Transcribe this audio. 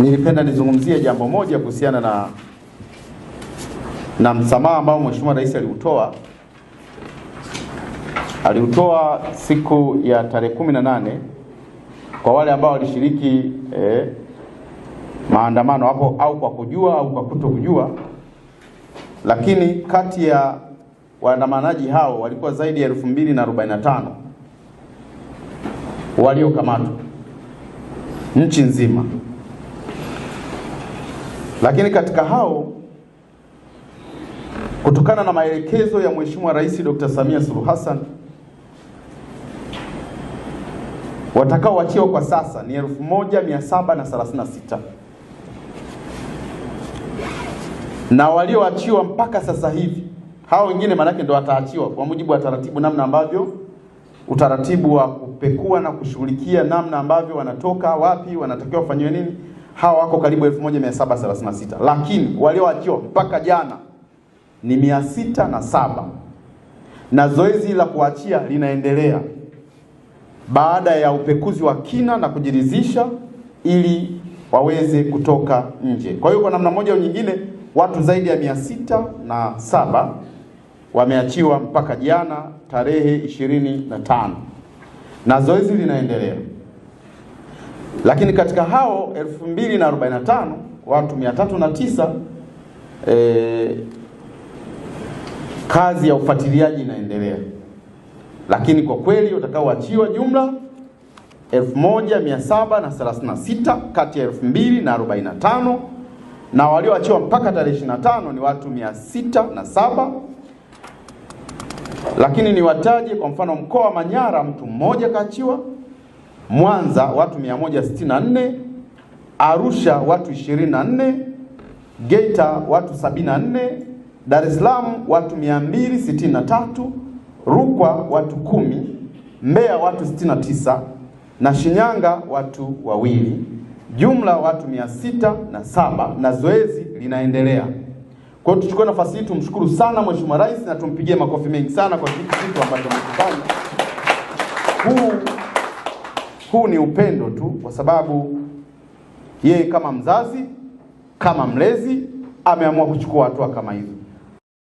Nilipenda nizungumzie jambo moja kuhusiana na na msamaha ambao Mheshimiwa Rais aliutoa aliutoa siku ya tarehe kumi na nane kwa wale ambao walishiriki eh, maandamano hapo au kwa kujua au kwa kuto kujua lakini kati ya waandamanaji hao walikuwa zaidi ya elfu mbili na arobaini na tano waliokamatwa nchi nzima. Lakini katika hao kutokana na maelekezo ya Mheshimiwa Rais Dr. Samia Suluhu Hassan watakaoachiwa kwa sasa ni 1736 na walioachiwa mpaka sasa hivi, hao wengine maanake ndo wataachiwa kwa mujibu wa taratibu, namna ambavyo utaratibu wa kupekua na kushughulikia namna ambavyo wanatoka wapi, wanatakiwa wafanyiwe nini hawa wako karibu 1736 lakini walioachiwa mpaka jana ni mia sita na saba na zoezi la kuachia linaendelea baada ya upekuzi wa kina na kujiridhisha ili waweze kutoka nje. Kwa hiyo kwa namna moja au nyingine, watu zaidi ya mia sita na saba wameachiwa mpaka jana tarehe ishirini na tano na zoezi linaendelea. Lakini katika hao 2045 watu 309 e, kazi ya ufuatiliaji inaendelea, lakini kwa kweli watakaoachiwa jumla 1736 kati ya 2045 na walioachiwa mpaka tarehe 25 ni watu 607. Lakini niwataje kwa mfano, mkoa wa Manyara mtu mmoja kaachiwa Mwanza watu 164, Arusha watu 24, Geita watu 74, Dar es Salaam watu 263, Rukwa watu kumi, Mbeya watu 69 na Shinyanga watu wawili, jumla watu mia sita na saba na zoezi linaendelea. Kwa hiyo tuchukue nafasi hii tumshukuru sana Mheshimiwa Rais na tumpigie makofi mengi sana kwa kitu kitu ambacho amekifanya huu huu ni upendo tu, kwa sababu yeye kama mzazi, kama mlezi, ameamua kuchukua hatua kama hivi